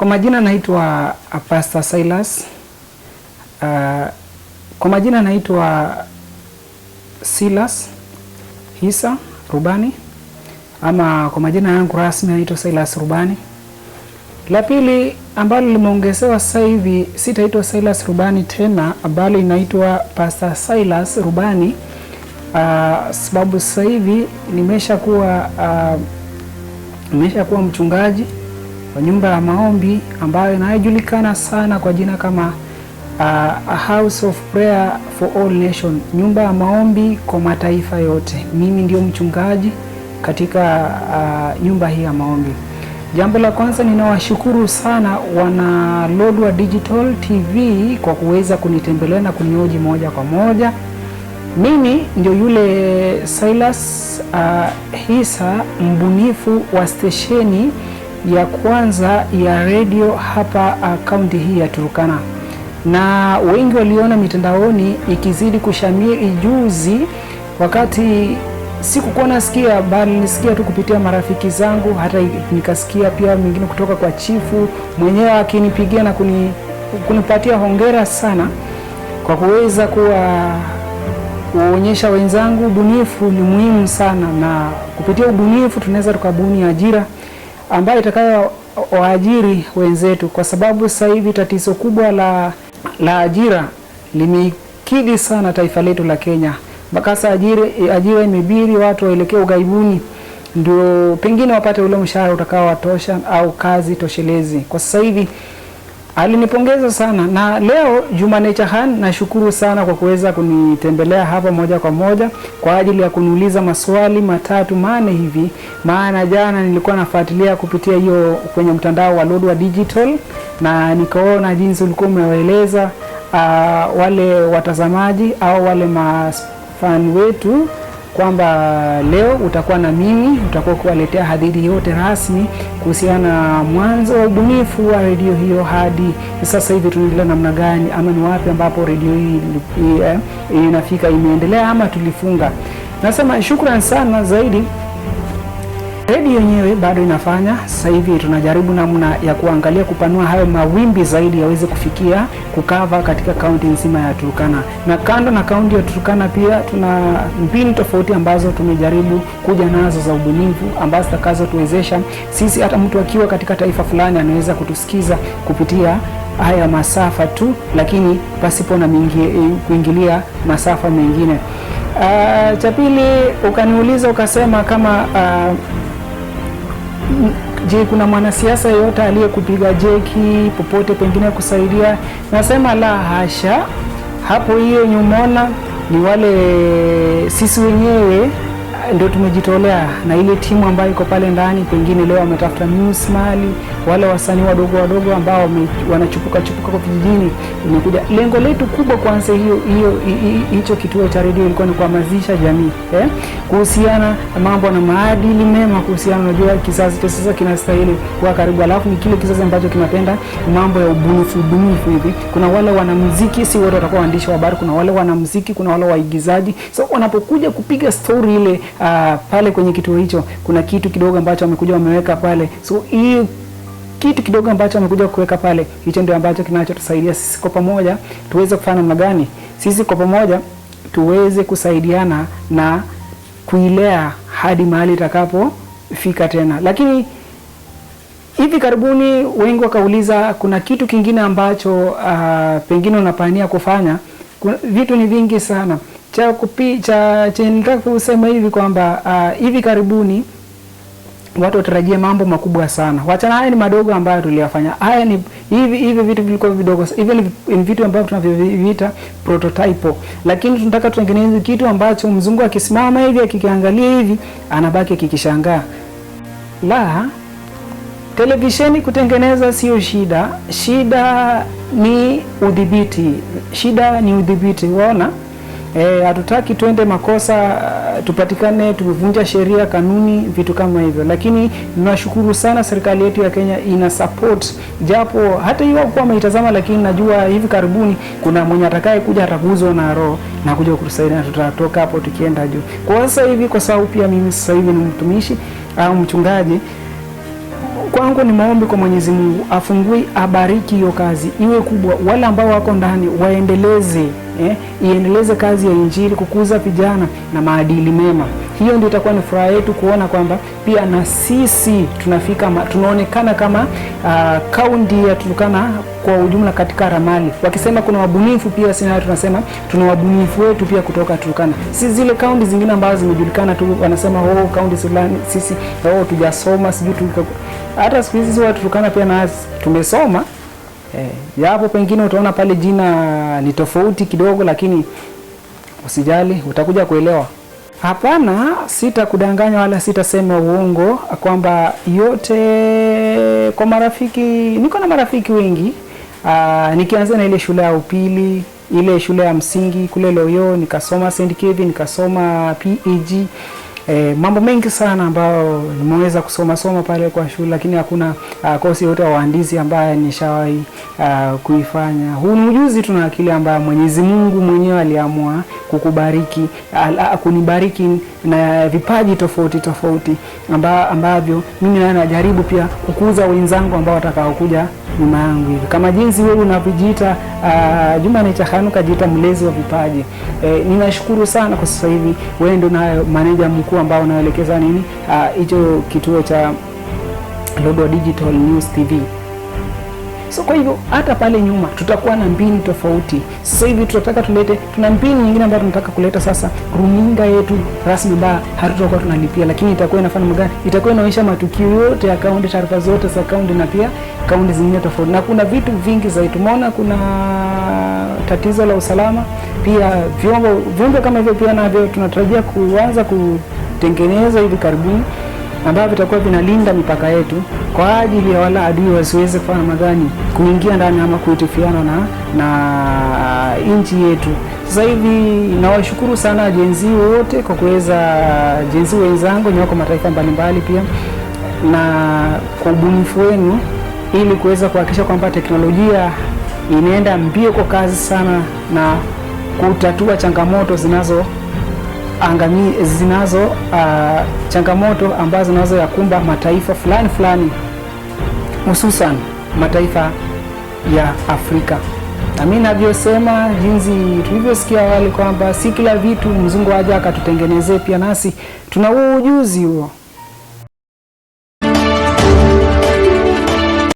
Kwa majina naitwa Pastor Silas. Uh, kwa majina naitwa Silas Hisa Rubani ama kwa majina yangu rasmi naitwa Silas Rubani. La pili ambalo limeongezewa sasa hivi sitaitwa Silas Rubani tena, ambalo inaitwa Pastor Silas Rubani uh, sababu sasa hivi nimeshakuwa uh, nimeshakuwa mchungaji kwa nyumba ya maombi ambayo inayojulikana sana kwa jina kama uh, a house of prayer for all nation, nyumba ya maombi kwa mataifa yote. Mimi ndio mchungaji katika uh, nyumba hii ya maombi. Jambo la kwanza ninawashukuru sana wana Lodwar Digital TV kwa kuweza kunitembelea na kunioji moja kwa moja. Mimi ndio yule Silas uh, Hisa mbunifu wa stesheni ya kwanza ya redio hapa uh, kaunti hii ya Turkana, na wengi waliona mitandaoni ikizidi kushamiri juzi, wakati sikukuwa nasikia, bali nisikia tu kupitia marafiki zangu, hata nikasikia pia mingine kutoka kwa chifu mwenyewe akinipigia na kuni, kunipatia hongera sana kwa kuweza kuwa kuonyesha wenzangu ubunifu ni muhimu sana, na kupitia ubunifu tunaweza tukabuni ajira ambayo itakayo waajiri wenzetu, kwa sababu sasa hivi tatizo kubwa la, la ajira limekidhi sana taifa letu la Kenya. Mpaka sasa ajira imebiri watu waelekee ughaibuni ndio pengine wapate ule mshahara watosha au kazi toshelezi. Kwa sasa hivi alinipongeza sana na leo Juma Nature Han, nashukuru sana kwa kuweza kunitembelea hapa moja kwa moja kwa ajili ya kuniuliza maswali matatu mane hivi, maana jana nilikuwa nafuatilia kupitia hiyo kwenye mtandao wa Lodwar Digital na nikaona jinsi ulikuwa umewaeleza uh, wale watazamaji au wale mafan wetu kwamba leo utakuwa na mimi, utakuwa kuwaletea hadithi yote rasmi kuhusiana na mwanzo wa ubunifu wa redio hiyo hadi sasa hivi tunaendelea namna gani, ama ni wapi ambapo redio hii eh, inafika, imeendelea ama tulifunga. Nasema shukrani sana zaidi Redi yenyewe bado inafanya. Sasa hivi tunajaribu namna ya kuangalia kupanua hayo mawimbi zaidi yaweze kufikia kukava katika kaunti nzima ya Turkana, na kando na kaunti ya Turkana pia tuna mbinu tofauti ambazo tumejaribu kuja nazo za ubunifu ambazo zitakazotuwezesha sisi, hata mtu akiwa katika taifa fulani anaweza kutusikiza kupitia haya masafa tu, lakini pasipo na kuingilia masafa mengine. Uh, cha pili ukaniuliza ukasema kama uh, Je, kuna mwanasiasa yeyote aliyekupiga jeki popote pengine kusaidia? Nasema la hasha. Hapo hiyo nyumona ni wale sisi wenyewe ndio tumejitolea na ile timu ambayo iko pale ndani, pengine leo wametafuta news mali, wale wasanii wadogo wadogo ambao wanachupuka chupuka kwa vijijini, imekuja lengo letu kubwa kwanza hiyo hiyo hicho kituo cha redio ilikuwa ni kuhamasisha jamii eh, kuhusiana mambo na maadili mema, kuhusiana unajua, kizazi cha sasa kinastahili kuwa karibu, alafu ni kile kizazi ambacho kinapenda mambo ya ubunifu ubunifu hivi. Kuna wale wanamuziki, si wote watakuwa waandishi wa habari, kuna wale wanamuziki, kuna wale waigizaji, so wanapokuja kupiga story ile uh, pale kwenye kituo hicho kuna kitu kidogo ambacho wamekuja wameweka pale, so hii kitu kidogo ambacho wamekuja kuweka pale, hicho ndio ambacho kinachotusaidia sisi kwa pamoja tuweze kufanya namna gani, sisi kwa pamoja tuweze kusaidiana na kuilea hadi mahali itakapofika tena. Lakini hivi karibuni wengi wakauliza, kuna kitu kingine ambacho uh, pengine unapania kufanya. Kuna vitu ni vingi sana cha kupi cha chenye kusema hivi kwamba uh, hivi karibuni watu watarajie mambo makubwa sana. Wachana, haya ni madogo ambayo tuliyafanya. Haya ni hivi hivi vitu vilikuwa vidogo, hivi ni vitu ambavyo tunavyoviita prototype, lakini tunataka tutengeneze kitu ambacho mzungu akisimama hivi akikiangalia hivi anabaki akikishangaa. La, televisheni kutengeneza sio shida, shida ni udhibiti, shida ni udhibiti, Unaona? Eh, hatutaki e, twende makosa eh, tupatikane tumevunja sheria, kanuni, vitu kama hivyo. Lakini nashukuru sana serikali yetu ya Kenya ina support, japo hata hiyo kwa maitazama, lakini najua hivi karibuni kuna mwenye atakaye kuja atakuzwa na roho na kuja kutusaidia tutatoka hapo tukienda juu. Kwa sasa hivi, kwa sababu pia mimi sasa hivi ni mtumishi au mchungaji kwangu ni maombi kwa Mwenyezi Mungu afungue, abariki hiyo kazi iwe kubwa, wale ambao wako ndani waendeleze eh, iendeleze kazi ya Injili, kukuza vijana na maadili mema hiyo ndio itakuwa ni furaha yetu kuona kwamba pia na sisi tunafika ma, tunaonekana kama ah, kaunti uh, ya Turkana kwa ujumla katika ramani. Wakisema kuna wabunifu pia, sina, tunasema tuna wabunifu wetu pia kutoka Turkana, si zile kaunti zingine ambazo zimejulikana tu, wanasema oh, kaunti fulani sisi oh, tujasoma sijui tulikuwa. Hata siku hizi watu Turkana pia na tumesoma eh, yapo pengine utaona pale jina ni tofauti kidogo, lakini usijali, utakuja kuelewa. Hapana, sitakudanganya wala sitasema uongo kwamba yote kwa marafiki. Niko na marafiki wengi, ah, nikianzia na ile shule ya upili, ile shule ya msingi kule Loyo, nikasoma St. Kevin, nikasoma PEG. E, eh, mambo mengi sana ambayo nimeweza kusoma soma pale kwa shule, lakini hakuna ah, kosi yote ya uhandisi ambayo nishawahi ah, kuifanya. Huu ni ujuzi tu na akili ambayo Mwenyezi Mungu mwenyewe aliamua kukubariki ala, kunibariki na vipaji tofauti tofauti amba, ambavyo mimi nayo najaribu pia kukuza wenzangu ambao watakaokuja nyuma yangu hivi, kama jinsi wewe unavyojiita Juma naita Hanuka, jiita mlezi wa vipaji e, ninashukuru sana kwa sasa hivi wewe ndio nayo maneja mkuu ambao unaelekeza nini hicho kituo cha Global Digital News TV. So kwa hivyo hata pale nyuma tutakuwa na mbinu tofauti. Sasa hivi tunataka tulete, tuna mbinu nyingine ambayo tunataka kuleta sasa. Runinga yetu rasmi ba hatutakuwa tunalipia, lakini itakuwa inafanya magari, itakuwa inaonyesha matukio yote ya kaunti, taarifa zote za kaunti na pia kaunti zingine tofauti, na kuna vitu vingi zaidi. Tumeona kuna tatizo la usalama pia, vyombo vyombo kama hivyo pia navyo tunatarajia kuanza kutengeneza hivi karibuni ambavyo vitakuwa vinalinda mipaka yetu kwa ajili ya wala adui wasiweze kufanya magani kuingia ndani ama kuitifiana na, na uh, nchi yetu. Sasa hivi nawashukuru sana jenzi wote kwa kuweza, jenzi wenzangu nyewako mataifa mbalimbali pia, na kwa ubunifu wenu ili kuweza kuhakikisha kwamba teknolojia inaenda mbio kwa kazi sana na kutatua changamoto zinazo angami zinazo uh, changamoto ambazo nazo yakumba mataifa fulani fulani hususan mataifa ya Afrika. Na mimi navyosema, jinsi tulivyosikia awali kwamba si kila vitu mzungu aja akatutengenezee, pia nasi tuna ujuzi huo